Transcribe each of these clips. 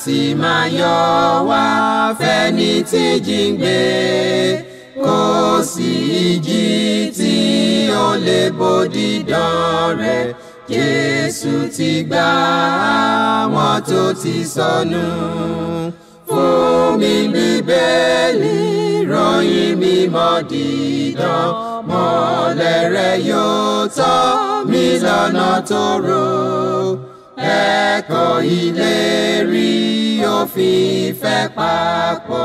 láti máa yọ wá fẹ́ni tí jíǹgbé kò sí ìjì tí ó lè bòdì dán rẹ̀ Jésù ti gbà àwọn tó ti sọnù fún mi bíbélì ròyìn mímọ́ dídán mọ́lẹ̀ rẹ̀ yóò tọ́ mi lọ́nà tó rò akẹ́kọ̀ọ́ ìlérí òfin fẹ́ papọ̀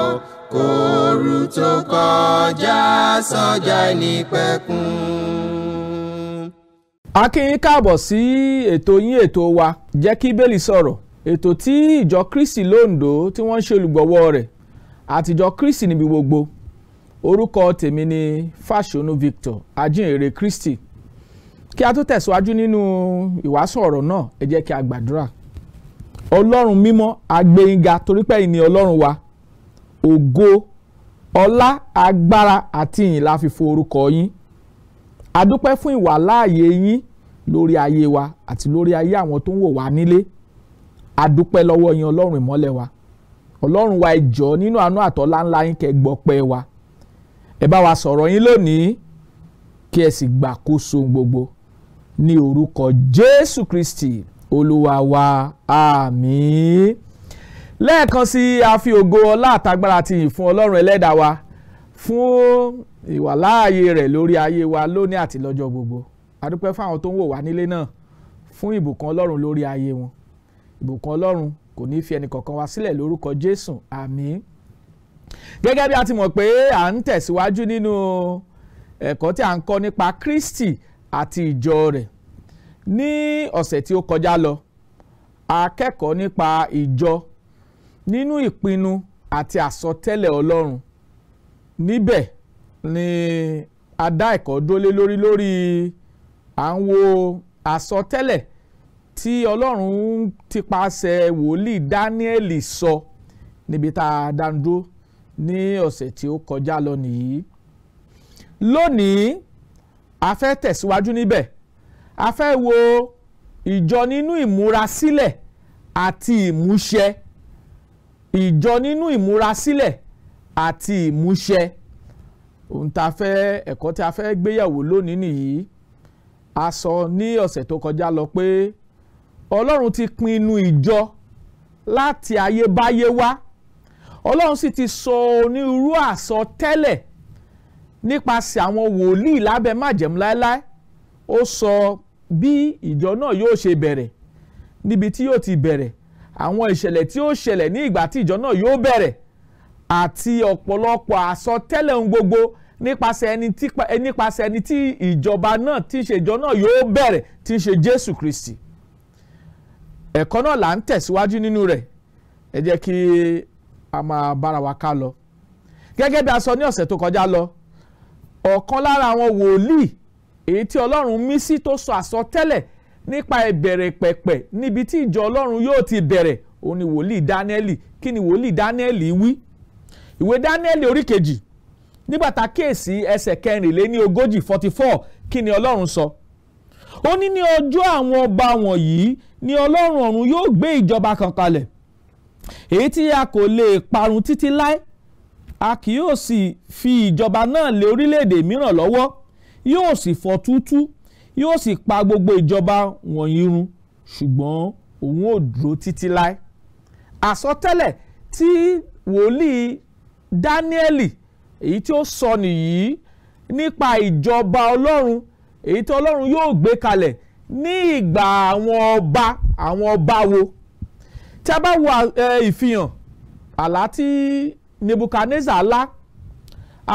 kóoru tó kọjá sọ́jà nípẹ̀kun. a kí yín káàbọ̀ sí ètò yín ètò wa jẹ́ kí bẹ́ẹ̀lì sọ̀rọ̀ ètò tí ìjọ Kristi londo tí wọ́n ń ṣe olùgbọ̀wọ́ rẹ̀ àtijọ́ Kristi níbi gbogbo orúkọ tèmi ni Fáṣọnù Victor ajínrere Kristi kí a tó tẹ̀síwájú nínú ìwàásù ọ̀rọ̀ náà ẹ jẹ́ kí a gbàdúrà ọlọ́run mímọ́ agbẹ́yìnga torí ìní ọlọ́run wa ògo ọlá agbára àti ìyìn la fi fo orúkọ yín a dúpẹ́ fún ìwàláàyè yín lórí ayé wa àti lórí ayé àwọn tó ń wò wá nílé a dúpẹ́ lọ́wọ́ yín ọlọ́run ìmọ́lẹ̀ wa ọlọ́run wa ẹ jọ̀ọ́ nínú àánú àtọ́lá ńlá yín kẹ́ gbọ́ pẹ́ wa ẹ bá wa sọ̀rọ̀ yín lónìí kí ẹ sì gbàkóso gbogbo ní orúkọ Jésù Kristi olúwa wa àmín lẹ́ẹ̀kan sí a fi ògo ọlá àtagbára ti yìn fún Ọlọ́run ẹlẹ́dàá wa fún ìwàláàyè rẹ̀ lórí ayé wa lónìí àti lọ́jọ́ gbogbo a dúpẹ́ fáwọn tó ń wò wá nílé náà fún ìbùkún Ọlọ́run lórí ayé wọn ìbùkún Ọlọ́run kò ní fi ẹnì kọ̀ọ̀kan wa sílẹ̀ lórúkọ Jésù àmín gẹ́gẹ́ bí a ti mọ̀ pé à ń tẹ̀síwájú nínú ẹ̀kọ́ tí a ń kọ́ nípa Kristi àti ìjọ rẹ̀ ní ọ̀sẹ̀ tí ó kọjá lọ akẹ́kọ̀ọ́ nípa ìjọ nínú ìpinnu àti àsọtẹ́lẹ̀ Ọlọ́run níbẹ̀ ni adá ẹ̀kọ́ dólé lórí lórí à ń wo àsọtẹ́lẹ̀ tí Ọlọ́run ti paṣẹ wòlíì Dáníẹ́lì sọ níbi tá a dáńdó ní ọ̀sẹ̀ tí ó kọjá lọ nìyí lónìí a fẹ́ tẹ̀síwájú níbẹ̀ a fẹ́ wo ìjọ nínú ìmúrasílẹ̀ àti ìmúṣẹ ìjọ nínú ìmúrasílẹ̀ àti ìmúṣẹ ohun tá a fẹ́ ẹ̀kọ́ tí a fẹ́ gbéyàwó lónìí nìyí a sọ ní ọ̀sẹ̀ tó kọjá lọ pé ọlọ́run ti pinnu ìjọ láti ayébáyé wá ọlọ́run sì ti sọ onírúurú àsọtẹ́lẹ̀ so nípasẹ̀ àwọn wòlíì lábẹ́ májẹ̀mú láéláé ó sọ bí ìjọ náà yóò ṣe bẹ̀rẹ̀ níbi tí yóò ti bẹ̀rẹ̀ àwọn ìṣẹ̀lẹ̀ tí ó ṣẹlẹ̀ ní ìgbà tí ìjọ náà yóò bẹ̀rẹ̀ àti ọ̀pọ̀lọpọ̀ àsọtẹ́lẹ̀ ohun gbogbo nípasẹ̀ ẹni tí eh, nípasẹ̀ ẹni tí ìjọba náà tí ń ṣe ìjọ náà yóò bẹ̀rẹ̀ tí ń ṣe Jésù Kristi ẹ̀kọ́ náà là ń tẹ̀síwájú nínú rẹ̀ ẹ jẹ́ kí a máa bára wa ká lọ gẹ́gẹ́ bí a sọ ní ọ̀sẹ̀ tó kọjá lọ ọ̀kan lára àwọn wòlíì èyí tí ọlọ́run mí sí tó sọ àsọtẹ́lẹ̀ nípa ìbẹ̀rẹ̀ pẹ̀pẹ̀ níbi tí ìjọ ọlọ́run yóò ti bẹ̀rẹ̀ òun ni wòlíì dáníẹ́lì kí ni wòlíì dáníẹ́lì wí ìwé dáníẹ́lì orí kejì nígbà ẹsẹ̀ kẹrìnléní ogójì forty four kí ni ọlọ́run sọ ó ní ní ọjọ́ àwọn ọba wọ̀nyí ni ọlọ́run ọ̀run yóò gbé ìjọba kan kalẹ̀ èyí tí a kò lè parun títí láé a kì yóò sì fi ìjọba náà lé orílẹ̀-èdè mìíràn lọ́wọ́ yóò sì fọ́ túútú yóò sì pa gbogbo ìjọba wọ̀nyí run ṣùgbọ́n òun ò dúró títí láé àsọtẹ́lẹ̀ tí wòlíì Dáníẹ́lì èyí tí ó sọ nìyí nípa ìjọba Ọlọ́run èyí tí Ọlọ́run yóò gbé kalẹ̀ ní ìgbà àwọn ọba àwọn ọba wo tí a bá wo ìfihàn àlá tí Nebuchadnezzar lá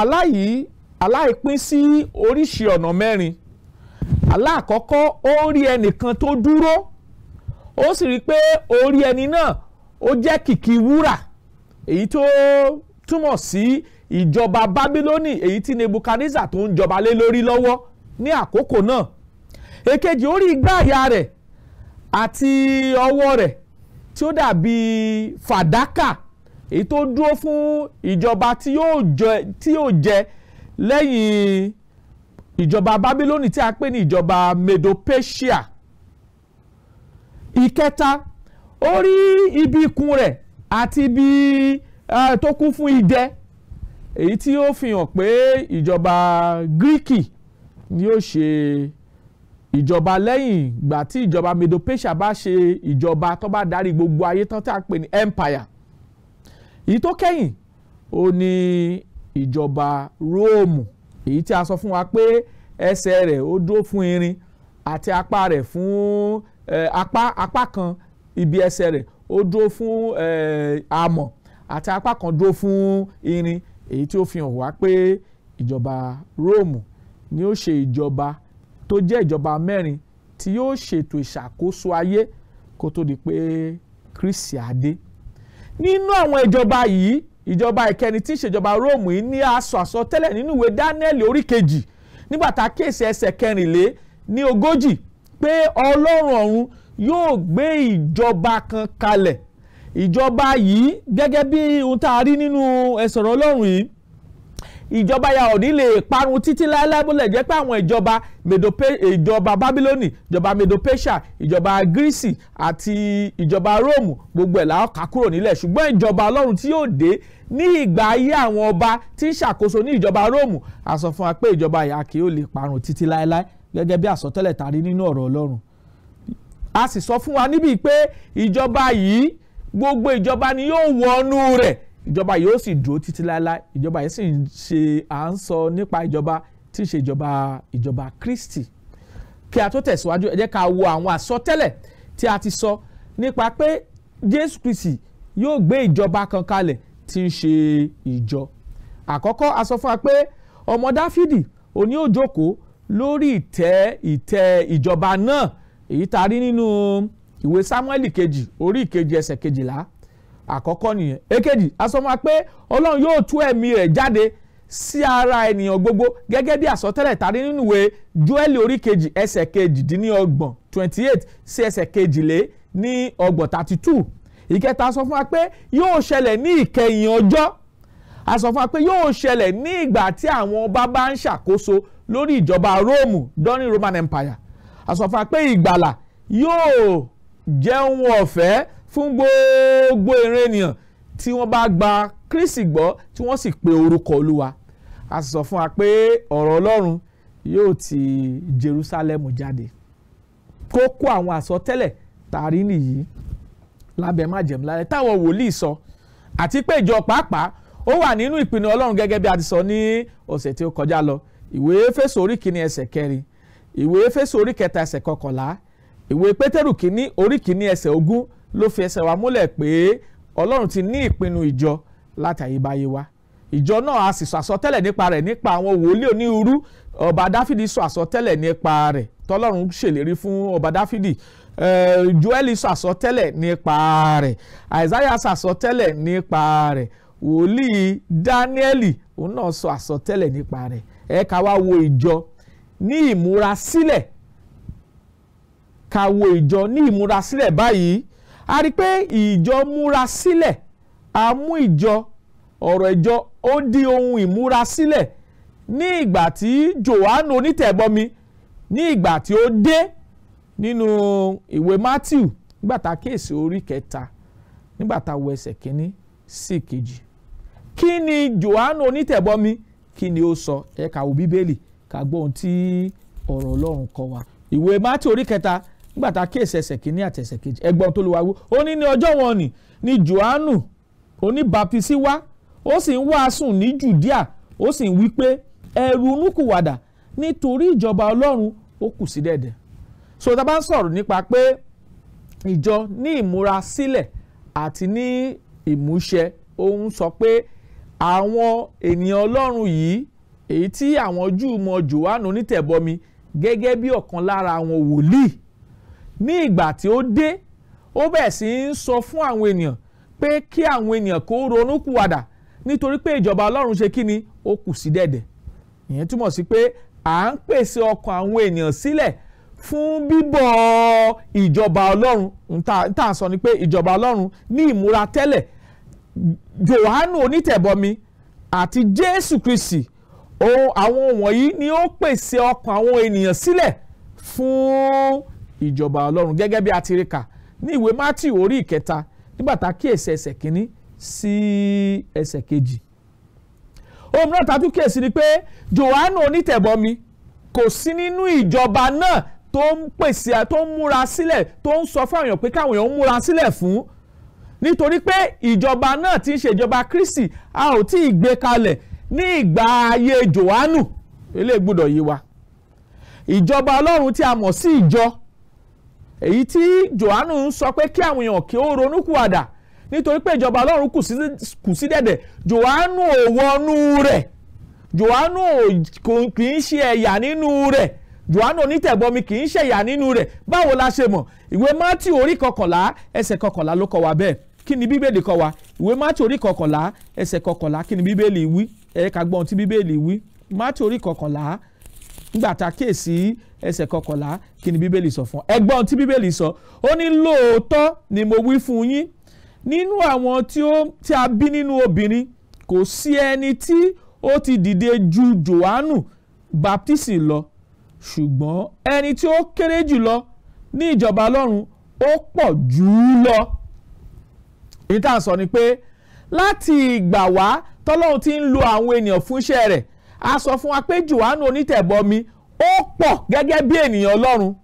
àlá yìí àlá yìí pín sí oríṣi ọ̀nà mẹ́rin àlá àkọ́kọ́ ó ń rí ẹnìkan tó dúró ó sì rí i pé orí ẹni náà ó jẹ́ kìkì wúrà èyí tó túmọ̀ sí ìjọba Bábílónì èyí tí Nebuchadnezzar tó ń jọba lé lórí lọ́wọ́ ní àkókò náà èkejì ó rí igbá àyà rẹ̀ àti ọwọ́ rẹ̀ tí ó dàbí fàdákà èyí tó dúró fún ìjọba tí yóò jẹ lẹ́yìn ìjọba Bábílónì tí a pè ní ìjọba Medo-Persia ìkẹta ó rí ibi ikùn rẹ̀ àti ibi tó kún fún idẹ èyí tí ó fi hàn pé ìjọba Gíríkì ni ó ṣe ìjọba lẹ́yìn ìgbà tí ìjọba Medo-Persia bá ṣe ìjọba tó bá darí gbogbo ayé tán tí a pè ní empire èyí tó kẹ́yìn ó ní ìjọba róòmù èyí tí a sọ fún wa pé ẹsẹ̀ rẹ̀ ó dúró fún irin àti apá rẹ̀ fún apá apá kan ibi ẹsẹ̀ rẹ̀ ó dúró fún amọ̀ àti apá kan dúró fún irin èyí tí ó fi hàn wá pé ìjọba róòmù ni ó ṣe ìjọba tó jẹ́ ìjọba mẹ́rin tí yóò ṣètò ìṣàkóso ayé kó tó di pé Kristi á nínú àwọn ìjọba yìí ìjọba ìkẹni tí ìṣèjọba róòmù yìí ní aṣọ àsọtẹ́lẹ̀ nínú ìwé dáníẹ́lì orí kejì nígbà tá a kéèsì ẹsẹ̀ kẹrìnlé ní ogójì pé ọlọ́run ọ̀run yóò gbé ìjọba kan kalẹ̀ ìjọba yìí gẹ́gẹ́ bí ohun tá a rí nínú ẹ̀sọ̀rọ̀ ọlọ́run yìí ìjọba ya ò ní lè parun títí láéláé bó lè jẹ́ pé àwọn ìjọba medope ìjọba Bábílónì ìjọba Medo-Persia ìjọba Gírísì àti ìjọba Róòmù gbogbo ẹ̀ làá kà kúrò nílẹ̀ ṣùgbọ́n ìjọba Ọlọ́run tí yóò dé ní ìgbà ayé àwọn ọba tí ń ṣàkóso ní ìjọba Róòmù a sọ fún wa pé ìjọba yà kì í lè parun títí láéláé gẹ́gẹ́ bí àsọtẹ́lẹ̀ tàrí nínú ọ̀rọ̀ Ọlọ́run a sì sọ fún wa níbi pé ìjọba yìí gbogbo ìjọba ni yóò wọnú rẹ̀ ìjọba yóò sì dúró títí láéláé ìjọba yìí sì ń ṣe à ń sọ nípa ìjọba tí ń ṣe ìjọba ìjọba Kristi kí a tó tẹ̀síwájú ẹ jẹ́ ká wo àwọn àsọtẹ́lẹ̀ tí a ti sọ nípa pé Jésù Kristi yóò gbé ìjọba kan kalẹ̀ tí ń ṣe ìjọ àkọ́kọ́ a sọ fún wa pé ọmọ Dáfídì òní ó jókòó lórí ìtẹ́ ìtẹ́ ìjọba náà èyí tá rí nínú ìwé Sámúẹ́lì kejì orí ìkejì ẹsẹ̀ kejìlá àkọ́kọ́ nìyẹn èkejì asọ́mọ́ pé ọlọ́run yóò tú ẹ̀mí rẹ̀ jáde sí ara ènìyàn gbogbo gẹ́gẹ́ bí àsọtẹ́lẹ̀ tàbí nínú ìwé Jóẹ́lì orí kejì ẹsẹ̀ kejìdínlọ́gbọ̀n twenty eight sí ẹsẹ̀ kejìlé ní ọgbọ̀n thirty two ìkẹta sọ fún wa pé yóò ṣẹlẹ̀ ní ìkẹyìn ọjọ́ a sọ fún wa pé yóò ṣẹlẹ̀ ní ìgbà tí àwọn ọba bá ń ṣàkóso lórí ìjọba Róòmù during Roman Empire a sọ fún wa pé ìgbàlà yóò jẹ́ ọ̀fẹ́ fún gbogbo ìran ènìyàn tí wọ́n bá gba Kristi gbọ́ tí wọ́n sì pe orúkọ Olúwa a sì sọ fún wa pé ọ̀rọ̀ Ọlọ́run yóò ti Jerusalem jáde kókó àwọn àsọtẹ́lẹ̀ tààrí nìyí lábẹ́ májẹ̀mú lálẹ́ táwọn wòlíì sọ àti pé ìjọ pàápàá ó wà nínú ìpinnu Ọlọ́run gẹ́gẹ́ bí a ti sọ ní ọ̀sẹ̀ tí ó kọjá lọ ìwé Éfésù orí kìíní kẹrin ìwé Éfésù orí kẹta kọkànlá ìwé Pétérù kìíní orí kìíní ogún ló fi ẹsẹ̀ wa múlẹ̀ pé ọlọ́run ti ní ìpinnu ìjọ láti àyíbáyé wa ìjọ náà a sì sọ àsọtẹ́lẹ̀ nípa rẹ̀ nípa àwọn wòlíì onírúurú ọba dáfídì sọ àsọtẹ́lẹ̀ nípa rẹ̀ tọ́lọ́run ṣèlérí fún ọba dáfídì eh, joeli sọ àsọtẹ́lẹ̀ nípa rẹ̀ isaiah sọ àsọtẹ́lẹ̀ nípa rẹ̀ wòlíì dáníẹ́lì òun náà sọ àsọtẹ́lẹ̀ nípa rẹ̀ ẹ ká wá wo ìjọ ní ìmúrasílẹ̀ ká wo ìjọ ní ìmúrasílẹ̀ báyìí a rí i pé ìjọ múra sílẹ̀ a mú ìjọ ọ̀rọ̀ ìjọ ó di ohun ìmúra sílẹ̀ ní ìgbà tí Jòhánù onítẹ̀bọmi ní ìgbà tí ó dé nínú ìwé Matthew nígbà tá a kíyèsí orí kẹta nígbà tá a wo ẹsẹ̀ kínní sí ìkejì kí ni Jòhánù onítẹ̀bọmi kí ni ó sọ ẹ kà wo bíbélì ká gbọ́ ohun tí ọ̀rọ̀ Ọlọ́run kọ wa ìwé Matthew orí kẹta nígbà tá a kéèsì ẹsẹ̀ kìíní àti ẹsẹ̀ kejì ẹgbọ́n tó lè wá wó ó ní ní ọjọ́ wọn ni ni Jòhánù oníbàpísí wá ó sì ń wàásùn ní Jùdíà ó sì ń wí pé ẹ̀rù onúkùwàdà nítorí ìjọba Ọlọ́run ó kù sí dẹ̀dẹ̀ so tá a bá ń sọ̀rọ̀ nípa pé ìjọ ní ìmúra sílẹ̀ àti ní ìmúṣẹ ó ń sọ pé àwọn ènìyàn Ọlọ́run yìí èyí tí àwọn Júù mọ Jòhánù gẹ́gẹ́ bí ọ̀kan lára àwọn wòlíì ní ìgbà tí ó dé ó bẹ̀rẹ̀ sí í sọ fún àwọn ènìyàn pé kí àwọn ènìyàn kó ronúkúwàdà nítorí pé ìjọba ọlọ́run ṣe kí ni ó kù sí dẹ̀dẹ̀ ìyẹn túmọ̀ sí pé à ń pèsè ọkàn àwọn ènìyàn sílẹ̀ fún bíbọ̀ ìjọba ọlọ́run tá à sọ ni pé ìjọba ọlọ́run ní ìmúra tẹ́lẹ̀ Jòhánù onítẹ̀bọmi àti Jésù Kristi àwọn wọ̀nyí ni ó pèsè ọkàn àwọn ènìyàn sílẹ̀ fún ìjọba ọlọ́run gẹ́gẹ́ bí a ní ìwé Matthew orí ìkẹta nígbà tá a ẹsẹ̀ kínní sí ẹsẹ̀ kejì ohun náà kíyèsí ni pé Jòhánù onítẹ̀bọmi kò sí nínú ìjọba náà tó ń pèsè tó ń múra sílẹ̀ tó ń sọ fáwọn èèyàn pé káwọn èèyàn ń múra sílẹ̀ fún nítorí pé ìjọba náà ti ń ṣèjọba Kristi a ò tí ì gbé kalẹ̀ ní ìgbà ayé Jòhánù eléyìí gbọ́dọ̀ yé wa ìjọba ọlọ́run tí a mọ̀ sí ìjọ èyí tí Jòhánù ń sọ pé kí àwọn èèyàn kí ó ronúkúwàdà nítorí pé ìjọba Ọlọ́run kù sí dẹ̀dẹ̀ Jòhánù ò wọnú rẹ̀ Jòhánù kì í ṣe ẹ̀yà nínú rẹ̀ Jòhánù onítẹ̀bọmi kì í ṣe ẹ̀yà nínú rẹ̀ báwo la ṣe mọ̀ ìwé mátì orí kọkànlá ẹsẹ̀ kọkànlá ló kọ wa bẹ́ẹ̀ kí ni bíbélì kọ wa ìwé mátì orí kọkànlá ẹsẹ̀ kọkànlá kí ni bíbélì wí ẹ̀ka gbọ́n bíbélì wí mátì orí kọkànlá nígbà tá a kíyèsí ẹsẹ̀ kọkànlá kí ni bíbélì sọ fún ẹgbọ́n tí bíbélì sọ ó ní lóòótọ́ ni mo wí fún yín nínú àwọn tí a bí nínú obìnrin kò sí ẹni tí ó ti dìde ju Jòhánù baptisi lọ ṣùgbọ́n ẹni tí ó kéré jùlọ ní ìjọba ọlọ́run ó pọ̀ jù ú lọ. èyí tá à ń sọ ni pé láti ìgbà wá tọ́lọ́run ti ń lo àwọn ènìyàn fún iṣẹ́ rẹ̀ a sọ fún wa pé Jòhánù onítẹ̀bọmi ó pọ̀ gẹ́gẹ́ bí ènìyàn Ọlọ́run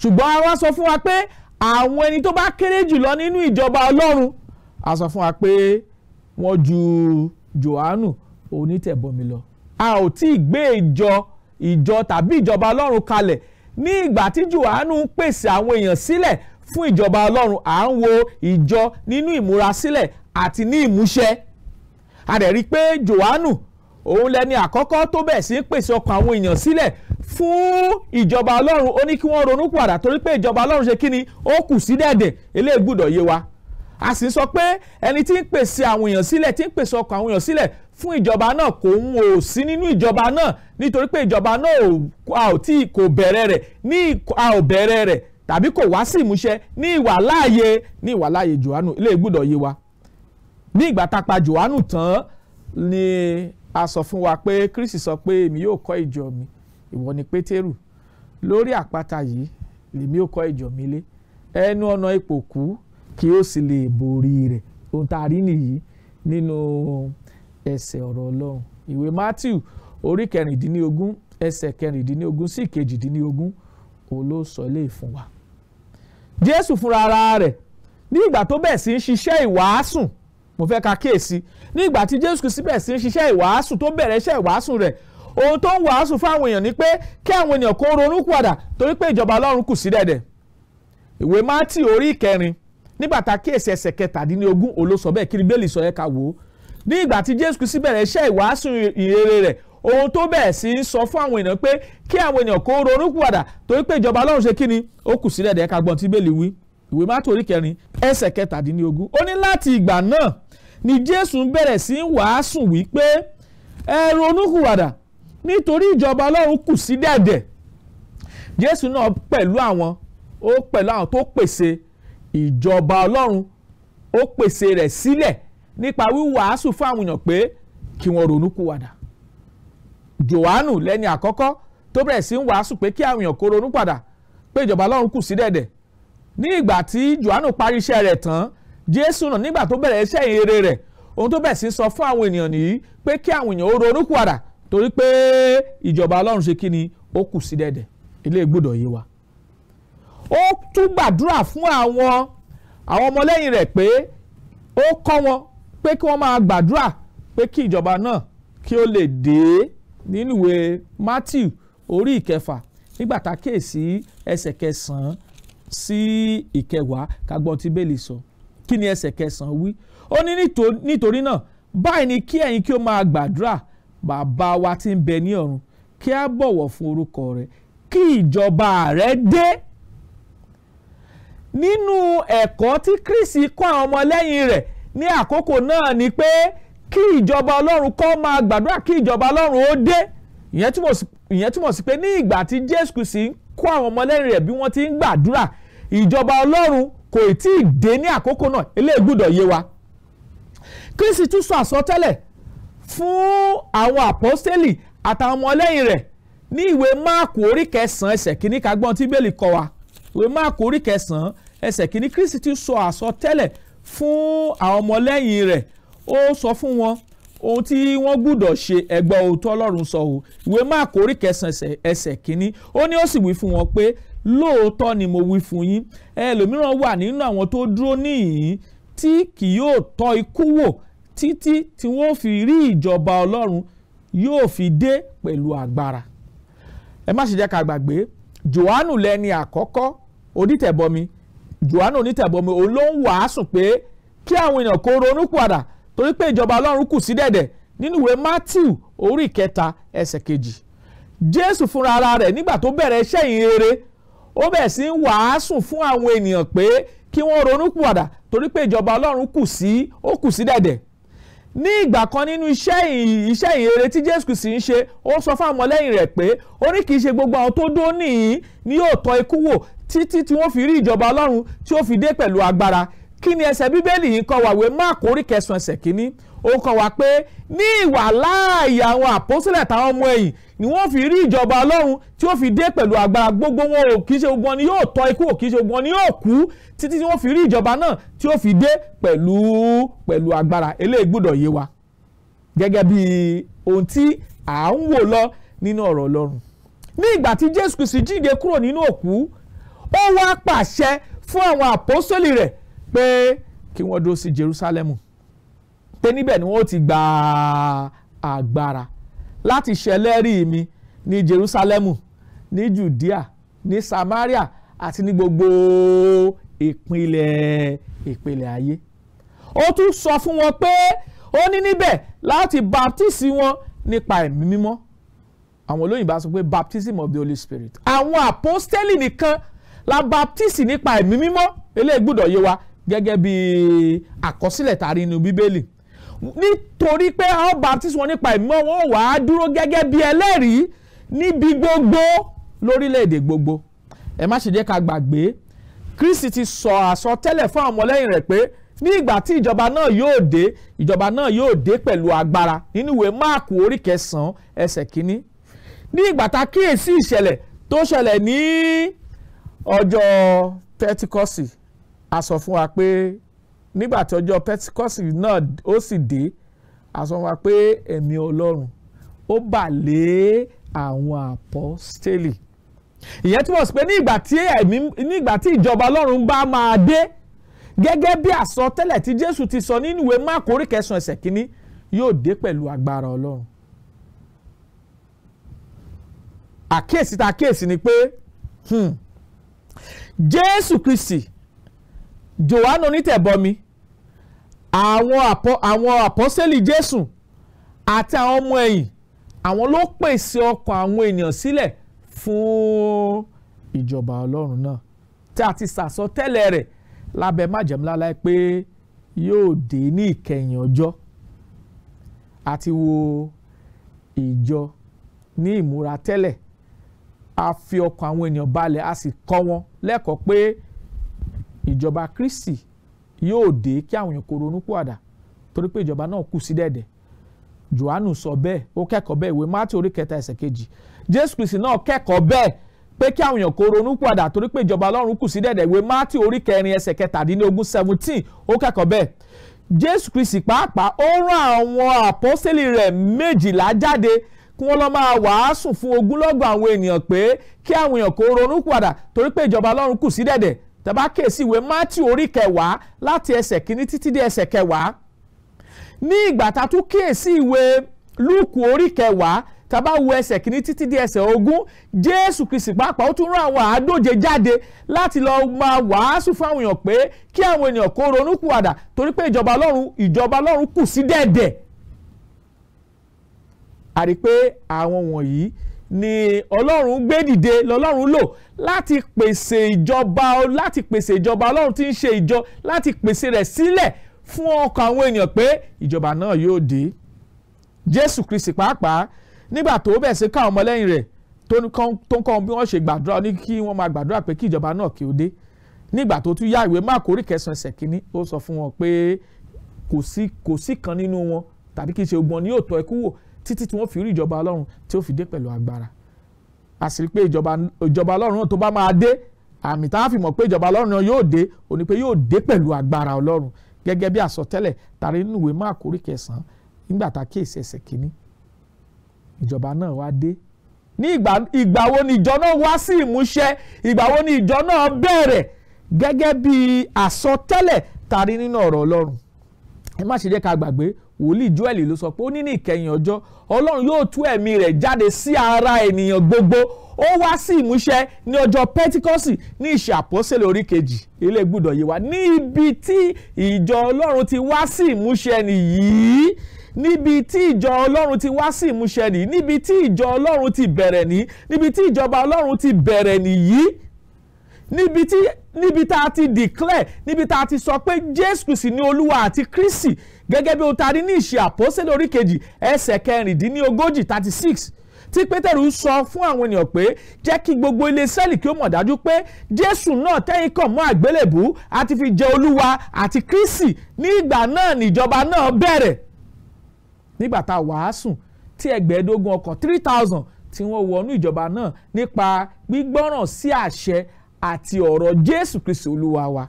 ṣùgbọ́n a wá sọ fún wa pé àwọn ẹni tó bá kéré jùlọ nínú ìjọba Ọlọ́run a sọ fún wa pé wọ́n ju Jòhánù onítẹ̀bọmi lọ a ò tí ì gbé ìjọ ìjọ tàbí ìjọba Ọlọ́run kalẹ̀ ní ìgbà tí Jòhánù ń pèsè àwọn èèyàn sílẹ̀ fún ìjọba Ọlọ́run à ń wo ìjọ nínú ìmúrasílẹ̀ àti ní ìmúṣẹ a dẹ̀ rí i pé Jòhánù òun lẹni àkọ́kọ́ tó bẹ̀ sí ń pèsè ọkàn àwọn èèyàn sílẹ̀ fún ìjọba ọlọ́run ó ní kí wọ́n ronú padà torí pé ìjọba ọlọ́run ṣe kí ni ó kù sí dẹ̀dẹ̀ eléyìí gbúdọ̀ yé wa a sì sọ pé ẹni tí ń pèsè àwọn èèyàn sílẹ̀ tí ń pèsè ọkàn àwọn èèyàn sílẹ̀ fún ìjọba náà kò ń ò sí nínú ìjọba náà nítorí pé ìjọba náà ò tí kò bẹ̀rẹ̀ rẹ̀ ní a ò bẹ̀rẹ̀ rẹ̀ tàbí kò wá sí ìmúṣẹ ní ìwà láàyè ní ìwà láàyè Jòhánù eléyìí gbúdọ̀ yé wa ní ìgbà tá a tán ni a sọ fún wa pé Kristi sọ pé èmi yóò kọ́ ìjọ mi ìwọ ni Pétérù lórí àpáta yìí lèmi yóò kọ́ ìjọ mi lé ẹnu ọ̀nà ìpòkú kí ó sì lè borí rẹ̀ ohun tá a rí nìyí nínú ẹsẹ̀ ọ̀rọ̀ Ọlọ́run ìwé Matthew orí kẹrìndínlógún ẹsẹ̀ kẹrìndínlógún sí ìkejìdínlógún òun ló sọ Jésù fúnra ara rẹ̀ ní ìgbà tó bẹ̀ sí ń ṣiṣẹ́ ìwàásùn mo fẹ́ ka kíyèsí ní ìgbà tí Jésù Kristi bẹ̀rẹ̀ sí ń ṣiṣẹ́ ìwàásù tó bẹ̀rẹ̀ iṣẹ́ ìwàásù rẹ̀ ohun tó ń wàásù fáwọn èèyàn ni pé kí àwọn ènìyàn kó ronú padà torí pé ìjọba Ọlọ́run kù sí dẹ̀dẹ̀ ìwé Mátì orí ìkẹrin nígbà tá a kíyèsí ẹsẹ̀ kẹtàdínlógún olóṣọ bẹ́ẹ̀ kiri bẹ́ẹ̀lì sọ yẹ ká wò ó ní tí Jésù Kristi bẹ̀rẹ̀ iṣẹ́ ìwàásù ìrere rẹ̀ ohun tó bẹ̀rẹ̀ sí ń sọ fún àwọn èèyàn pé kí àwọn èèyàn kó ronú padà torí pé ìjọba Ọlọ́run ṣe kí ni ó kù sílẹ̀ dẹ̀ ká gbọ́n tí bẹ́ẹ̀lì wí ìwé Mátì orí kẹrin ẹsẹ̀ kẹtàdínlógún ó ní láti ìgbà náà ni Jésù bẹ̀rẹ̀ sí í wàásù wípé ẹ ronúhùwàdà nítorí ìjọba Ọlọ́run kù sí dẹ̀dẹ̀ Jésù náà pẹ̀lú àwọn ó pẹ̀lú àwọn tó pèsè ìjọba Ọlọ́run ó pèsè rẹ̀ sílẹ̀ nípa wíwàásù fún àwọn èèyàn pé kí wọ́n ronúkúwàdà Jòhánù lẹ́ni àkọ́kọ́ tó bẹ̀rẹ̀ sí ń wàásù pé kí àwọn èèyàn kó ronú padà pé ìjọba Ọlọ́run kù sí dẹ̀dẹ̀ ní ìgbà tí Jòhánù parí iṣẹ́ rẹ̀ tán Jésù náà nígbà tó bẹ̀rẹ̀ iṣẹ́ ìrere rẹ̀ ohun tó bẹ̀rẹ̀ sí sọ fún àwọn ènìyàn nìyí pé kí àwọn èèyàn ó ronúpìwàdà torí pé ìjọba Ọlọ́run ṣe kí ni ó kù sí dẹ̀dẹ̀ ilé gbọ́dọ̀ yé wa ó tún gbàdúrà fún àwọn àwọn ọmọlẹ́yìn rẹ̀ pé ó kọ́ wọn pé kí wọ́n máa gbàdúrà pé kí ìjọba náà kí ó lè dé nínú ìwé Matthew orí ìkẹfà nígbà tá a kéèsí ẹsẹ̀ kẹsàn-án sí ìkẹwàá ká gbọ́ tí bẹ́ẹ̀lì sọ kí ni ẹsẹ̀ kẹsàn-án wí ó ní nítorí náà báyìí ni kí ẹ̀yin kí ó máa gbàdúrà bàbá wa tí ń bẹ ní ọ̀run kí a bọ̀wọ̀ fún orúkọ rẹ kí ìjọba rẹ dé nínú ẹ̀kọ́ tí Kristi kọ́ àwọn ọmọlẹ́yìn rẹ̀ ní àkókò náà ni pé kí ìjọba ọlọ́run kó máa gbàdúrà kí ìjọba ọlọ́run ó dé ìyẹn túmọ̀ sí pé ní ìgbà tí Jésù Kristi ń kọ́ àwọn ọmọlẹ́yìn rẹ̀ bí wọ́n ti ń gbàdúrà ìjọba ọlọ́run kò tí ì dé ní àkókò náà eléyìí gbọ́dọ̀ yé wa kristi tún sọ àsọtẹ́lẹ̀ fún àwọn àpọ́stélì àtàwọn ọmọlẹ́yìn rẹ̀ ní ìwé máàkù orí kẹsàn-án ẹsẹ̀ kìíní kagbọ́n tí bẹ́ẹ̀lì kọ wa ìwé máàkù orí kẹsàn-án ẹsẹ̀ kìíní kristi tún sọ àsọtẹ́lẹ̀ fún àwọn ọmọlẹ́yìn rẹ̀ ó sọ fún wọn ohun tí wọ́n gbúdọ̀ ṣe ẹgbọ́ òótọ́ ọlọ́run sọ o ìwé Máàkù orí kẹsàn-án ẹsẹ̀ kínní ó ní ó sì wí fún wọn pé lóòótọ́ ni mo wí fún yín ẹlòmíràn wà nínú àwọn tó dúró níhìn tí kì yóò tọ́ ikú wò títí tí wọ́n fi rí ìjọba ọlọ́run yóò fi dé pẹ̀lú agbára ẹ má ṣe jẹ́ ká gbàgbé Jòhánù lẹni àkọ́kọ́ onítẹ̀bọmi Jòhánù onítẹ̀bọmi òun ló ń wàásù pé kí àwọn èèyàn kó ronú padà torí pé ìjọba ọlọ́run kù sí dẹ̀dẹ̀ nínú ìwé Matthew orí ìkẹta ẹsẹ̀ kejì Jésù fúnra ara rẹ̀ nígbà tó bẹ̀rẹ̀ iṣẹ́ ìyìn rere ó bẹ̀rẹ̀ sí ń fún àwọn ènìyàn pé kí wọ́n ronú pìwàdà torí pé ìjọba ọlọ́run kù sí ó kù sí dẹ̀dẹ̀ ní ìgbà kan nínú iṣẹ́ iṣẹ́ ìrere tí Jésù Kristi ń ṣe ó sọ fún àwọn lẹ́yìn rẹ̀ pé ó ní kì í ṣe gbogbo àwọn tó dó nìyí ni yóò tọ́ ikú wò títí tí wọ́n fi rí ìjọba ọlọ́run tí ó fi dé pẹ̀lú agbára kí ni ẹsẹ̀ bíbélì yìí kọ́ wa ìwé Máàkù orí kẹsàn-án ẹsẹ̀ kínní ó kọ́ wa pé ní ìwà láàyè àwọn àpọ́sílẹ̀ táwọn ọmọ ẹ̀yìn ni wọ́n fi rí ìjọba Ọlọ́run tí ó fi dé pẹ̀lú agbára gbogbo wọn ò kì í ṣe gbọ́n ni yóò tọ́ ikú ò kì í ṣe gbọ́n ni yóò kú títí tí wọ́n fi rí ìjọba náà tí ó fi dé pẹ̀lú pẹ̀lú agbára eléyìí gbọ́dọ̀ yé wa gẹ́gẹ́ bí ohun tí à ń wò lọ nínú ọ̀rọ̀ Ọlọ́run ní ìgbà tí Jésù Kristi jíǹde kúrò nínú òkú ó wá pàṣẹ fún àwọn àpọ́sítélì rẹ̀ pé kí wọ́n dó sí Jerusalem pé níbẹ̀ ni wọ́n ti gba agbára láti ṣẹlẹ́rìí mi ní Jerusalem ní Judea ní Samaria àti ní gbogbo ìpínlẹ̀ ìpínlẹ̀ ayé ó tún sọ fún wọn pé ó ní níbẹ̀ láti baptisi wọn nípa ẹ̀mí mímọ́ àwọn olóyìnbá sọ pé baptism of the Holy Spirit àwọn àpọ́stélì nìkan la baptisi nípa ẹ̀mí mímọ́ eléyìí gbọ́dọ̀ yé wa gẹ́gẹ́ bí àkọsílẹ̀ tàrí inú bíbélì nítorí pé àwọn baptist wọn nípa ìmọ̀ wọn wà á dúró gẹ́gẹ́ bí ẹlẹ́rìí níbi gbogbo lórílẹ̀‐èdè gbogbo ẹ má ṣe jẹ́ ká gbàgbé Kristi ti sọ àsọtẹ́lẹ̀ fún àwọn ọmọlẹ́yìn rẹ̀ pé ní ìgbà tí ìjọba náà yóò dé ìjọba náà yóò dé pẹ̀lú agbára nínú ìwé máàkù orí kẹsàn-án ẹsẹ̀ kínní ní ìgbà tá kíyèsí ìṣẹ̀lẹ̀ tó ṣẹlẹ̀ ní ọjọ́ Pentikọ́sì a sọ fún wa pé nígbà tí ọjọ́ Pentikọ́sì náà ó sì dé a sọ fún wa pé ẹ̀mí Ọlọ́run ó bà lé àwọn àpọ́stélì ìyẹn túmọ̀ sí pé ní ìgbà tí ẹ̀mí ní ìgbà tí ìjọba Ọlọ́run bá máa dé gẹ́gẹ́ bí àsọtẹ́lẹ̀ tí Jésù ti sọ nínú ìwé Máàkù orí kẹsàn-án ẹsẹ̀ kínní yóò dé pẹ̀lú agbára Ọlọ́run àkíyèsí tá a ni pé hmm, Jésù Kristi Jòhánù onítẹ̀bọmi àwọn àpọ àwọn àpọ́sẹ́lì Jésù àti àwọn ọmọ ẹ̀yìn àwọn ló pèsè ọkàn àwọn ènìyàn sílẹ̀ fún ìjọba Ọlọ́run náà tí a ti sàsọtẹ́lẹ̀ rẹ̀ lábẹ́ májẹ̀múlá láì pé yóò dé ní ìkẹyìn ọjọ́ àti wo ìjọ ní ìmúra tẹ́lẹ̀ a fi ọkàn àwọn ènìyàn balẹ̀ a sì kọ́ wọn lẹ́kọ̀ọ́ pé ìjọba Kristi yóò dé kí àwọn èèyàn kó ronú pàdà torí pé ìjọba náà kù sí dẹ̀dẹ̀ Jòhánù sọ bẹ́ẹ̀ ó kẹ́kọ̀ọ́ bẹ́ẹ̀ ìwé Mátì orí kẹta ẹsẹ̀ kejì Jésù Kristi náà kẹ́kọ̀ọ́ bẹ́ẹ̀ pé kí àwọn èèyàn kó ronú pàdà torí pé ìjọba Ọlọ́run kù sí dẹ̀dẹ̀ ìwé Mátì orí kẹrin ẹsẹ̀ kẹtàdínlógún seventeen ó kẹ́kọ̀ọ́ bẹ́ẹ̀ Jésù Kristi pàápàá ó rán àwọn àpọ́sẹ́lì rẹ̀ méjìlá jáde kí wọ́n lọ máa wàásù fún ogúnlọ́gọ̀ àwọn ènìyàn pé kí àwọn èèyàn kó ronú padà torí pé ìjọba Ọlọ́run kù sí dẹ̀dẹ̀ tẹ́bá kèsì ìwé Matthew orí kẹwàá láti ẹsẹ̀ kínní títí dé ẹsẹ̀ kẹwàá ní ìgbà tá a tún kèsì ìwé Lúùkù orí kẹwàá tàbá wo ẹsẹ̀ kìíní títí di ẹsẹ̀ ogún jésù kristi pàápàá ó tún rán àwọn àádóje jáde láti lọ́ọ́ máa wàásù fáwọn èèyàn pé kí àwọn ènìyàn kó ronúpìwàdà torí pé ìjọba ọlọ́run ìjọba ọlọ́run kù sí dẹ̀dẹ̀. a rí pé àwọn wọ̀nyí ni ọlọ́run gbé dìde lọ́lọ́run lò láti pèsè ìjọba láti pèsè ìjọba ọlọ́run tí ń ṣe ìjọ láti pèsè rẹ̀ sílẹ̀ fún ọkàn àwọn ènìyàn pé ìjọba náà yóò dé jésù kristi pàápàá nígbà tó bẹ̀ sí ká ọmọlẹ́yìn rẹ̀ tó ń kọ́ bí wọ́n ṣe gbàdúrà ní kí wọ́n máa gbàdúrà pé kí ìjọba náà kí ó dé nígbà tó tún yá ìwé máàkù orí kẹsàn-án ẹsẹ̀ kínní ó sọ fún wọn pé kò sí kò sí kan nínú wọn tàbí kí ṣe gbọ́n ní òótọ́ ẹkú wò títí tí wọ́n fi rí ìjọba ọlọ́run tí ó fi dé pẹ̀lú agbára àṣírí pé ìjọba ọlọ́run tó bá máa dé àmì tá a fi mọ̀ pé ìjọba ọlọ́run náà yóò dé ó ní pé yóò dé pẹ̀lú agbára ọlọ́run gẹ́gẹ́ bí àsọtẹ́lẹ̀ tàrí nínú ìwé Máàkù orí kẹsàn-án nígbà tá a kíyèsí ẹsẹ̀ kínní ìjọba náà wá dé ní ìgbà wo ni ìjọ náà wá sí ìmúṣẹ ìgbà wo ni ìjọ náà bẹ̀rẹ̀ gẹ́gẹ́ bí àsọtẹ́lẹ̀ tàrí nínú ọ̀rọ̀ ọlọ́run ẹ má ṣe jẹ́ ká gbàgbé wòlíì Jóẹ́lì ló sọ pé ó ní ní ìkẹyìn ọjọ́ Ọlọ́run yóò tú ẹ̀mí rẹ̀ jáde sí ara ènìyàn gbogbo ó wá sí ìmúṣẹ ní ọjọ́ Pẹ́tíkọ́sì ní ìṣe àpọ́sẹ̀lẹ̀ orí kejì ilé gbúdọ̀ yé wa níbi tí ìjọ Ọlọ́run ti wá sí ìmúṣẹ nìyí níbi tí ìjọ ọlọ́run ti wá sí ìmúṣẹ nìyí níbi tí ìjọ ọlọ́run ti bẹ̀rẹ̀ nìyí níbi tí ìjọba ọlọ́run ti bẹ̀rẹ̀ nìyí níbi tí níbi tá a ti declare níbi tá a ti sọ pé Jésù Kristi ni olúwa àti Kristi gẹ́gẹ́ bí o taari ní ìṣe àpọ́sẹ̀lẹ̀ orí kejì ẹsẹ̀ kẹrìndínlógójì thirty six tí pétérù sọ fún àwọn ènìyàn pé jẹ́ kí gbogbo ilé sẹ́ẹ̀lì kí ó mọ̀ dájú pé jésù náà tẹ́yìn kàn mọ́ àgbélébù àti fi jẹ olúwa àti kristi ní ìgbà náà níjọba náà bẹ̀rẹ̀ nígbà tá a wàásùn tí ẹgbẹ̀ẹ́dógún ọkọ̀ three thousand tí wọ́n wọnú ìjọba náà nípa gbígbọ́ràn sí àṣẹ àti ọ̀rọ̀ jésù kristi olúwa wa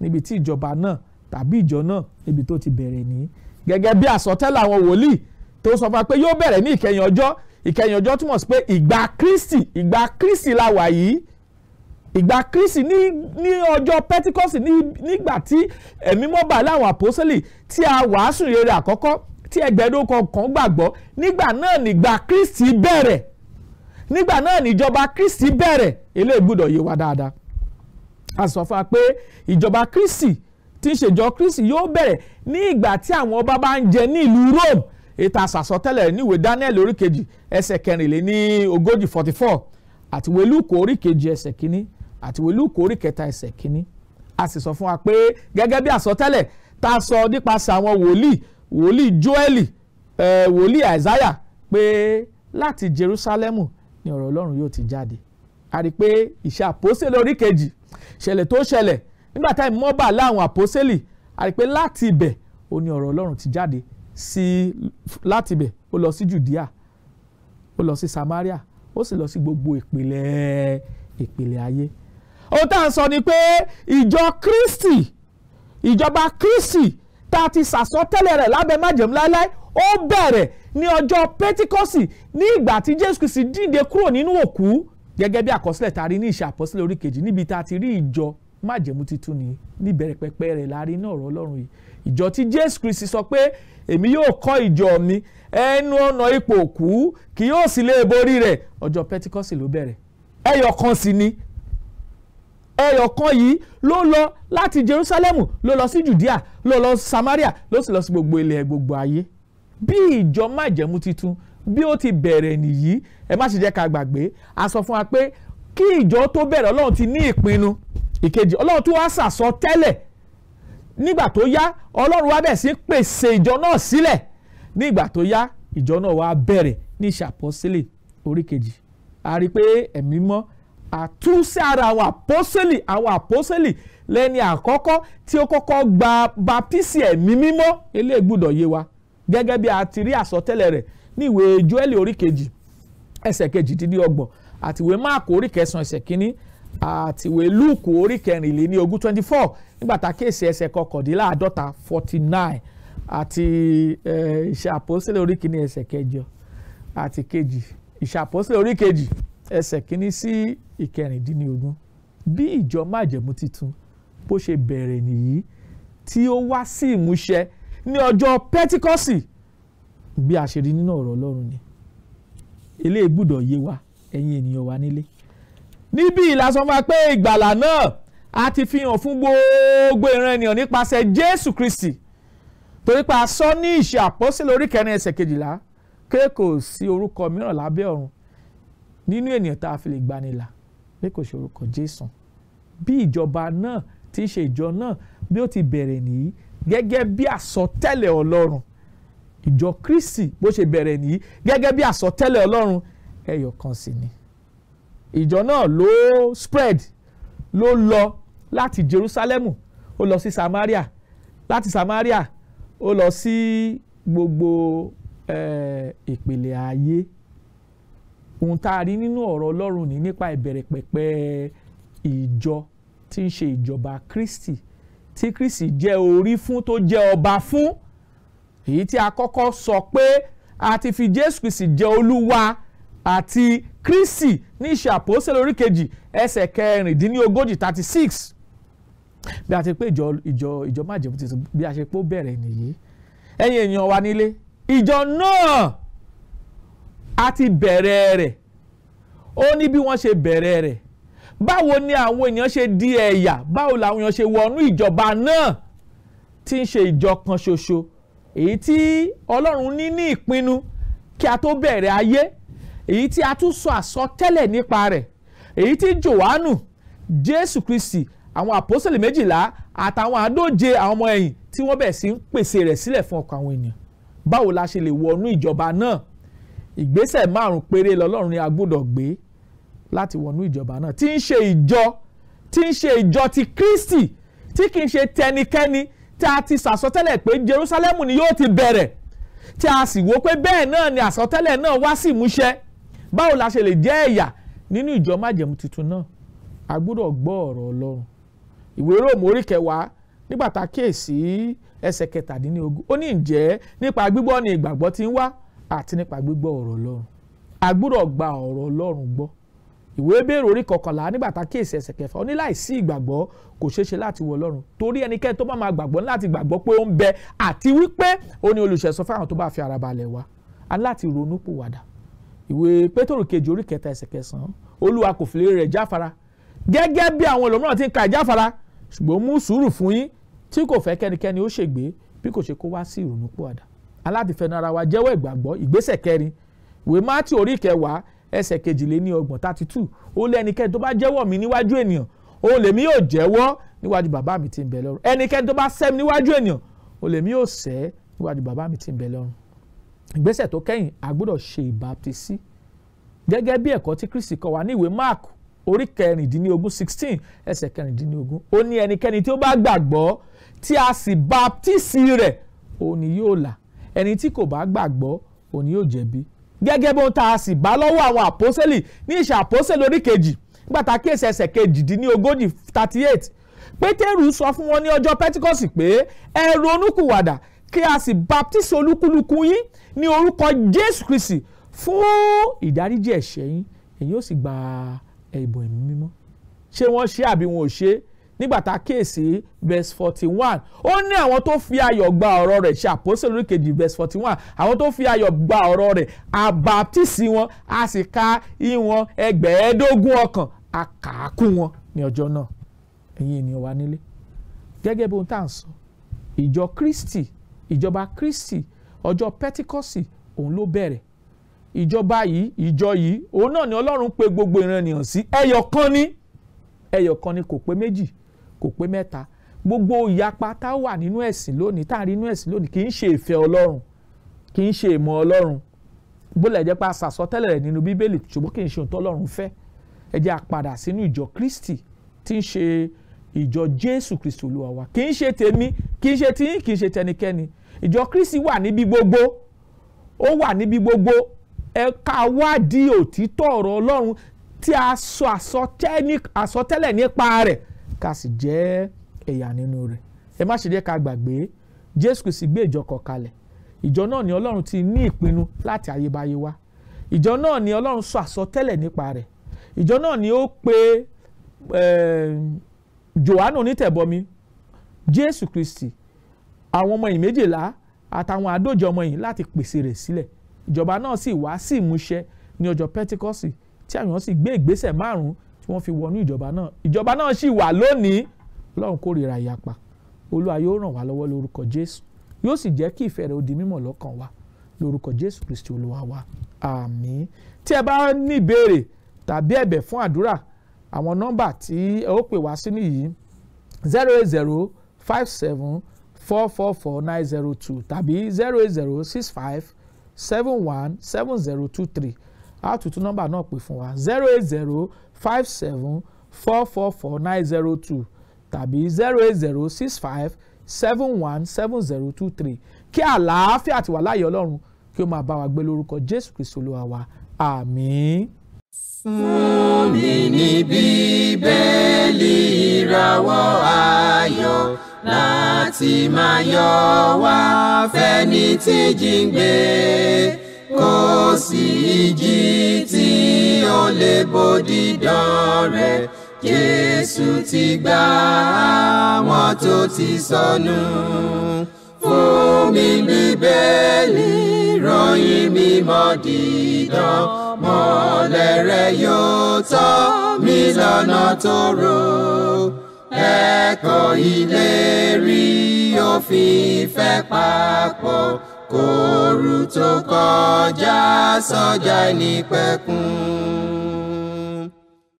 níbi tí ìjọba náà tàbí ìjọ náà ibi tó ti bẹ̀rẹ̀ ní gẹ́gẹ́ bí àsọtẹ́lẹ̀ àwọn wòlíì tó sọ fún wa pé yóò bẹ̀rẹ̀ ní ìkẹyìn ọjọ́ ìkẹyìn ọjọ́ túmọ̀ sí pé ìgbà Kristi ìgbà Kristi la wà yìí ìgbà Kristi ní ní ọjọ́ Pentecost nígbà tí ẹ̀mí mọ́ba láwọn àpọ́sẹ́lì tí a wàásù rere àkọ́kọ́ tí ẹgbẹ̀rún kọ̀ọ̀kan gbàgbọ́ nígbà náà nígbà Kristi bẹ̀rẹ̀ nígbà náà níjọba Kristi bẹ̀rẹ̀ eléyìí gbọ́dọ̀ yé wa dáadáa a sọ fún wa pé ìjọba Kristi tí ń ṣèjọ Kristi yóò bẹ̀rẹ̀ ní ìgbà tí àwọn ọba bá ń jẹ ní ìlú Rome ìta àsàsọtẹ́lẹ̀ níwèé Daniel orí kejì ẹsẹ̀ kẹrìnléní ogójì forty four àtiwé Lúùkù orí kejì ẹsẹ̀ kínní àtiwé Lúùkù orí kẹta ẹsẹ̀ kínní a sì sọ fún wa pé gẹ́gẹ́ bí àsọtẹ́lẹ̀ tá a sọ nípasẹ̀ àwọn wòlíì wòlíì Jóẹ́lì wòlíì Àìsáyà pé láti Jerúsálẹ́mù ni ọ̀rọ̀ Ọlọ́run yóò ti jáde a rí i pé ìṣe àpòsílẹ̀ ṣẹlẹ̀ tó ṣẹlẹ̀ nígbà táì mọ́bà láwọn àpọ́sẹ́lì àti pé láti ibẹ̀ ó ní ọ̀rọ̀ ọlọ́run ti jáde sí láti ibẹ̀ ó lọ sí Judea ó lọ sí Samaria ó sì lọ sí gbogbo ìpìlẹ̀ ìpìlẹ̀ ayé ohun tá à sọ ni pé ìjọ Kristi ìjọba Kristi tá a ti sàsọtẹ́lẹ̀ rẹ̀ lábẹ́ májẹ̀mú láéláé ó bẹ̀rẹ̀ ní ọjọ́ Pentikọ́sì ní ìgbà tí Jésù Kristi dìde kúrò nínú òkú gẹ́gẹ́ bí àkọsílẹ̀ tá ní ìṣe àpọ́sílẹ̀ orí níbi tá a ti rí ìjọ májẹ̀mú titun ni níbẹ̀rẹ̀ pẹpẹ rẹ̀ láàrin náà ọ̀rọ̀ ọlọ́run yìí ìjọ tí jésù kristi sọ pé èmi yóò kọ́ ìjọ mi ẹnu ọ̀nà ipò òkú kì yóò sì lè borí rẹ̀ ọjọ́ pẹ́tíkọ́sì ló bẹ̀rẹ̀ ẹyọ sì ni ẹyọ yìí ló lọ láti jerúsálẹ́mù ló lọ sí jùdíà ló lọ samaria ló sì lọ sí gbogbo ilẹ̀ gbogbo ayé bí ìjọ májẹ̀mú titun bí ó ti bẹ̀rẹ̀ nìyí ẹ má sì jẹ́ ká gbàgbé a sọ fún wa pé kí ìjọ tó bẹ̀rẹ̀ ọlọ́run ti ní ìpinnu ìkejì ọlọ́run tó wá sàsọ tẹ́lẹ̀ nígbà tó yá ọlọ́run wá bẹ̀ sí pèsè ìjọ náà sílẹ̀ nígbà tó yá ìjọ náà wá bẹ̀rẹ̀ ní ìṣàpọ́sílẹ̀ orí kejì a rí i pé ẹ̀mí mọ́ àtúnṣe ara àwọn àpọ́sẹ̀lì àwọn àpọ́sẹ̀lì lẹ́ni àkọ́kọ́ tí ó kọ́kọ́ gba baptisi ẹ̀mí mímọ́ eléyìí yé wa gẹ́gẹ́ bí a ti rí àsọtẹ́lẹ̀ rẹ̀ ní ìwé Jóẹ́lì orí kejì ẹsẹ̀ kejì dídí ọgbọ̀n àti ìwé Máàkù ẹsẹ̀ kínní àtìwé lúùkù orí kẹrìnlélẹ́ni ogún twenty four nígbà tá a kéèsì ẹsẹ̀ kọkàndínláàádọ́ta forty nine àti iṣẹ́ àpọ́sílẹ̀ orí kìíní ẹsẹ̀ kẹjọ àti kejì iṣẹ́ àpọ́sílẹ̀ orí kejì ẹsẹ̀ kìíní sí ìkẹrìndínlógún bí ìjọ májẹ̀mú titun bó ṣe bẹ̀rẹ̀ nìyí tí ó wá sí ìmúṣẹ ní ọjọ́ pẹ́tíkọ́sì bí a ṣe rí nínú ọ̀rọ̀ Ọlọ́run ni eléyìí gbọ́dọ̀ yé wa ẹ̀yin ènìyàn wa nílé níbí ìlàsọ fún wa pé ìgbàlà náà a ti fi hàn fún gbogbo ìran ènìyàn nípasẹ̀ Jésù Kristi torí pé a sọ ní ìṣe àpọ́sílẹ̀ orí kẹrin ẹsẹ̀ kejìlá pé kò sí orúkọ mìíràn lábẹ́ ọ̀run nínú ènìyàn tá a fi lè gbanilà pé kò sí orúkọ Jésù bí ìjọba náà ti ṣe ìjọ náà bí ó ti bẹ̀rẹ̀ nìyí gẹ́gẹ́ bí àsọtẹ́lẹ̀ Ọlọ́run ìjọ Kristi bó ṣe bẹ̀rẹ̀ nìyí gẹ́gẹ́ bí àsọtẹ́lẹ̀ Ọlọ́run ẹyọ sì ni ìjọ náà ló spread ló lọ láti Jerusalemu ó lọ sí Samaria láti Samaria ó lọ sí gbogbo eh, ìpìlẹ̀ ayé ohun tá a rí nínú ọ̀rọ̀ Ọlọ́run ní nípa ìbẹ̀rẹ̀ pẹ̀pẹ̀ ìjọ tí ń ṣe ìjọba Kristi tí Kristi jẹ́ orí fún tó jẹ́ ọba fún èyí tí a kọ́kọ́ sọ pé a ti fi Jésù Kristi jẹ́ olúwa àti kristi ní iṣẹ́ àpòsílẹ̀ orí kejì ẹsẹ̀ kẹrìndínlógójì thirty six bí a ti pé ìjọ ìjọ ìjọ májèmú tuntun bí a ṣe pé ó bẹ̀rẹ̀ nìyí ẹ̀yin èèyàn wa nílé ìjọ náà a ti bẹ̀rẹ̀ rẹ̀ ó ní bí wọ́n ṣe bẹ̀rẹ̀ rẹ̀ báwo ni àwọn èèyàn ṣe di ẹ̀yà báwo làwọn èèyàn ṣe wọnú ìjọba náà tí ń ṣe ìjọ kan ṣoṣo èyí tí ọlọ́run ní ní ìpinnu kí a tó bẹ̀rẹ̀ ayé èyí tí a tún sọ àsọtẹ́lẹ̀ nípa rẹ̀ èyí tí Jòhánù Jésù Kristi àwọn àpọ́sẹ̀lì méjìlá àtàwọn àádóje àwọn ọmọ ẹ̀yìn tí wọ́n bẹ̀rẹ̀ sí ń pèsè rẹ̀ sílẹ̀ fún ọkàn àwọn ènìyàn báwo la ṣe lè wọnú ìjọba náà ìgbésẹ̀ márùn-ún péré lọ́lọ́run ni a gbọ́dọ̀ gbé láti wọnú ìjọba náà tí ń ṣe ìjọ tí ń ṣe ìjọ ti Kristi tí kì í ṣe tẹnikẹ́ni tí a ti sàsọtẹ́lẹ̀ pé Jerúsálẹ́mù ni yóò ti bẹ̀rẹ̀ tí a sì wò pé bẹ́ẹ̀ náà ni àsọtẹ́lẹ̀ náà wá sí ìmúṣẹ báwo la ṣe lè jẹ́ ẹ̀yà nínú ìjọ májẹ̀mú tuntun náà a gbọ́dọ̀ gbọ́ ọ̀rọ̀ ọlọ́run ìwé róòmù orí kẹwàá nígbà tá a kíyèsí ẹsẹ̀ kẹtàdínlógún ó ní ǹjẹ́ nípa gbígbọ́ ni ìgbàgbọ́ ti ń wá àti nípa gbígbọ́ ọ̀rọ̀ ọlọ́run a gbọ́dọ̀ gba ọ̀rọ̀ ọlọ́run gbọ́ ìwé Hébérù orí kọkànlá nígbà tá a kíyèsí ẹsẹ̀ kẹfà ó ní láìsí ìgbàgbọ́ kò ṣeé ṣe láti wọ ọlọ́run torí ẹnikẹ́ni tó bá máa gbàgbọ́ láti gbàgbọ́ pé ó ń bẹ àti wípé ó ní olùṣẹ̀sọ fáwọn tó bá fi ara balẹ̀ wá aláti ronúpìwàdà ìwé pétérù kejì orí kẹta ẹsẹ̀ kẹsàn-án olúwa kò fìlè rẹ̀ jáfara gẹ́gẹ́ bí àwọn ẹlòmíràn ti ń ka jáfara ṣùgbọ́n mú sùúrù fún yín tí kò fẹ́ kẹ́nikẹ́ni ó ṣègbé bí kò ṣe kó wá sí ìrònúpìwàdà aládìfẹ́nu ara wa jẹ́wọ́ ìgbàgbọ́ ìgbésẹ̀ kẹrin ìwé mátì orí kẹwàá ẹsẹ̀ kejìléní ọgbọ̀n thirty two ó lé ẹnikẹ́ni tó bá jẹ́wọ́ mi níwájú ènìyàn òun lèmi yóò jẹ́wọ́ níwájú bàbá mi ti ń bẹ lọ́run ẹnikẹ́ni tó bá sẹ́ níwájú ènìyàn òun lèmi yóò sẹ́ níwájú bàbá mi ti ń bẹ lọ́run ìgbésẹ̀ tó kẹ́yìn a gbọ́dọ̀ ṣe ìbáptisí gẹ́gẹ́ bí ẹ̀kọ́ tí Kristi kọ́ wa ní ìwé Mark orí kẹrìndínlógún sixteen ẹsẹ̀ kẹrìndínlógún ó ní ẹnikẹ́ni tí ó bá gbàgbọ́ tí a sì báptísì rẹ̀ òun ni yóò là ẹni tí kò bá gbàgbọ́ òun ni yóò jẹ̀bi gẹ́gẹ́ bó ń ta sì bá lọ́wọ́ àwọn àpọ́sẹ́lì ní ìṣe àpọ́sẹ́lì orí kejì nígbà kíyèsí ẹsẹ̀ kejìdínlógójì thirty eight pétérù sọ fún wọn ní ọjọ́ pẹ́tíkọ́sì pé ẹ ronúkúwàdà kí a sì baptisi olúkúlùkù yín ní orúkọ jésù kristi fún ìdáríjì ẹ̀ṣẹ̀ yín ẹ̀yin ó sì gba ẹ̀bùn ẹ̀mí mímọ́ ṣé wọ́n ṣe àbí wọn ò ṣe nígbà tá verse forty one ó ní àwọn tó fi ayọ̀ gba ọ̀rọ̀ rẹ̀ ṣe àpọ́sẹ̀ lórí kejì verse forty one àwọn tó fi ayọ̀ gba ọ̀rọ̀ rẹ̀ àbàtìsí wọn a sì ka ìwọ̀n ẹgbẹ̀ẹ́dógún ọkàn a kà á kún wọn ní ọjọ́ náà ẹ̀yin ènìyàn wa nílé gẹ́gẹ́ bí ohun tá à ń sọ ìjọ Kristi ìjọba Kristi ọjọ́ Pẹ́tíkọ́sì òun ló bẹ̀rẹ̀ ìjọba yìí ìjọ yìí òun náà ni Ọlọ́run pe gbogbo ìran ènìyàn sí ẹyọ kan ní ẹyọ kan ní kò pé méjì kò pé mẹ́ta gbogbo ìyapa tá a wà nínú ẹ̀sìn lónìí tá a rí nínú ẹ̀sìn lónìí kì í ṣe ìfẹ́ Ọlọ́run kì í ṣe ìmọ̀ Ọlọ́run bólẹ̀ jẹ́ pé a rẹ̀ nínú Bíbélì ṣùgbọ́n kì í ṣe ohun tọ́lọ́run fẹ́ ẹ jẹ́ a sínú ìjọ Kristi tí ń ṣe ìjọ Jésù Kristi Olúwa wa kì í ṣe tèmi kì í ṣe tiyín kì í ṣe tẹnikẹ́ni ìjọ kristi wà níbi gbogbo ó wà níbi gbogbo ẹ ká wádìí òtítọ́ ọ̀rọ̀ ọlọ́run tí a sọ àsọtẹ́lẹ̀ nípa rẹ̀ ká sì jẹ́ ẹ̀yà nínú rẹ̀ ẹ má ṣe jẹ́ ká gbàgbé jésù kìí sì gbé ìjọ kọ̀ kalẹ̀ ìjọ náà ni ọlọ́run ti ní ìpinnu láti ayébáyé wá ìjọ náà ni ọlọ́run sọ àsọtẹ́lẹ̀ nípa rẹ̀ ìjọ náà ni ó pe eh, Jòhánù onítẹ̀bọmi jésù kristi àwọn ọmọ yìí méjìlá àtàwọn àádóje ọmọ yìí láti pèsè rẹ̀ sílẹ̀ ìjọba náà sì wá sí ìmúṣẹ ní ọjọ́ Pentikọ́sì tí àwọn sì gbé ìgbésẹ̀ márùn-ún tí wọ́n fi wọnú ìjọba náà ìjọba náà sì wà lónìí Ọlọ́run kórìíra ìyapa Olúwa yóò ràn wá lọ́wọ́ lórúkọ Jésù yóò sì jẹ́ kí ìfẹ́ rẹ̀ ó di mímọ̀ lọ́kàn wa lórúkọ Jésù Kristi Olúwa wa àmín tí ẹ bá ní ìbéèrè tàbí ẹ̀bẹ̀ fún àdúrà àwọn nọ́mbà tí ẹ ó pè wá sí nìyí zero eight zero five seven four four four nine zero two tàbí zero eight zero six five seven one seven zero two three a tún tún nọ́mbà náà pè fún wa zero eight zero five seven four four four nine zero two tàbí zero eight zero six five seven one seven zero two three kí àlàáfíà àti wàláyé ọlọ́run kí ó máa bá wa gbé lórúkọ jésù kristu olúwa wa àmín. Fún mi ní Bíbélì ìràwọ̀ ayọ̀ láti máa yọ wá fẹ́ni tí jíǹgbé kò sí ìjì tí ó lè bòdì dán rẹ̀ Jésù ti gbà àwọn tó ti sọnù. So fún mi bíbélì ròyìn mímọ́ dídán mọ́lẹ̀ rẹ̀ yóò tọ́ mi lọ́nà tó rò ẹ̀kọ́ ìlérí òfin fẹ́ papọ̀ kóoru tó kọjá sọ́jà ní pẹ́kun.